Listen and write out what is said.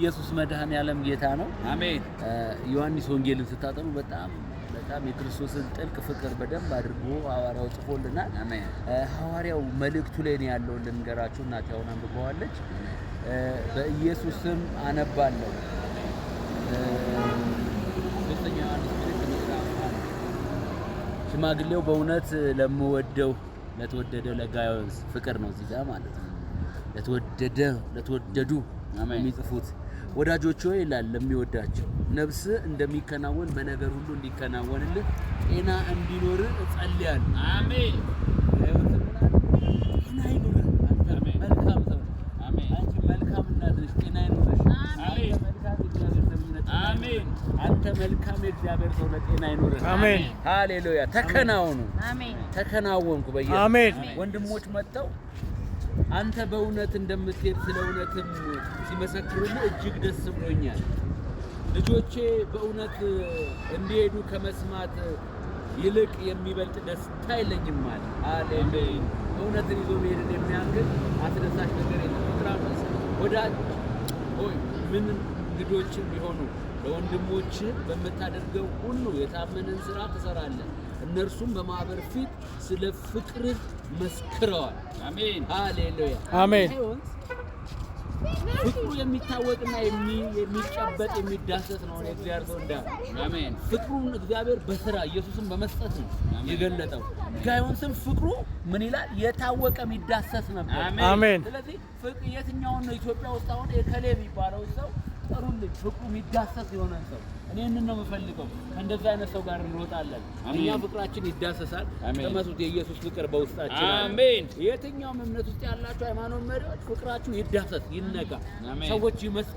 ኢየሱስ መድኃኔ ዓለም ጌታ ነው። አሜን። ዮሐንስ ወንጌልን ስታጠኑ በጣም በጣም የክርስቶስን ጥልቅ ፍቅር በደንብ አድርጎ ሐዋርያው ጽፎልናል። አሜን። ሐዋርያው መልእክቱ ላይ ነው ያለው ልንገራችሁ። እናቴ አሁን አንብበዋለች። በኢየሱስም አነባለሁ። ሽማግሌው በእውነት ለምወደው ለተወደደ ለጋዮስ ፍቅር ነው እዚህ ጋር ማለት ነው ለተወደደ ለተወደዱ የሚጽፉት ወዳጆች ሆይ ይላል ለሚወዳቸው ነፍስ እንደሚከናወን በነገር ሁሉ እንዲከናወንልህ ጤና እንዲኖር እጸልያለሁ። አሜን። አንተ መልካም የእግዚአብሔር ሰው ይኖርህ። አሜን። ሃሌሉያ። ተከናወኑ። አሜን። ተከናወንኩ በየ አሜን። ወንድሞች መጥተው አንተ በእውነት እንደምትሄድ ስለ እውነትም ሲመሰክሩልህ እጅግ ደስ ብሎኛል። ልጆቼ በእውነት እንዲሄዱ ከመስማት ይልቅ የሚበልጥ ደስታ የለኝም። አለ አሌሉያ። እውነትን ይዞ መሄድን የሚያክል አስደሳች ነገር የለም። ቁጥራመስ ወዳጅ ሆይ ምን እንግዶችን ቢሆኑ ለወንድሞች በምታደርገው ሁሉ የታመንን ስራ ትሰራለን። እነርሱም በማኅበር ፊት ስለ ፍቅርህ መስክረዋል። አሜን፣ ሃሌሉያ፣ አሜን። ፍቅሩ የሚታወቅና የሚጨበጥ የሚዳሰስ ነው። እግዚአብሔር ሰው እንዳለ አሜን። ፍቅሩን እግዚአብሔር በስራ ኢየሱስን በመስጠት ነው የገለጠው። ጋዮንስን ፍቅሩ ምን ይላል? የታወቀ የሚዳሰስ ነበር። አሜን። ስለዚህ ፍቅር የትኛውን ነው ኢትዮጵያ ውስጥ አሁን የከሌ የሚባለው ሰው ፍቅሩ የሚዳሰስ የሆነ ሰው እኔ እንን ነው የምፈልገው። ከእንደዚህ አይነት ሰው ጋር እንሮጣለን። እኛ ፍቅራችን ይዳሰሳል። ተመሱት። የኢየሱስ ፍቅር በውስጣችን አሜን። የትኛውም እምነት ውስጥ ያላችሁ ሃይማኖት መሪዎች ፍቅራችሁ ይዳሰስ፣ ይነካ፣ ሰዎች ይመስ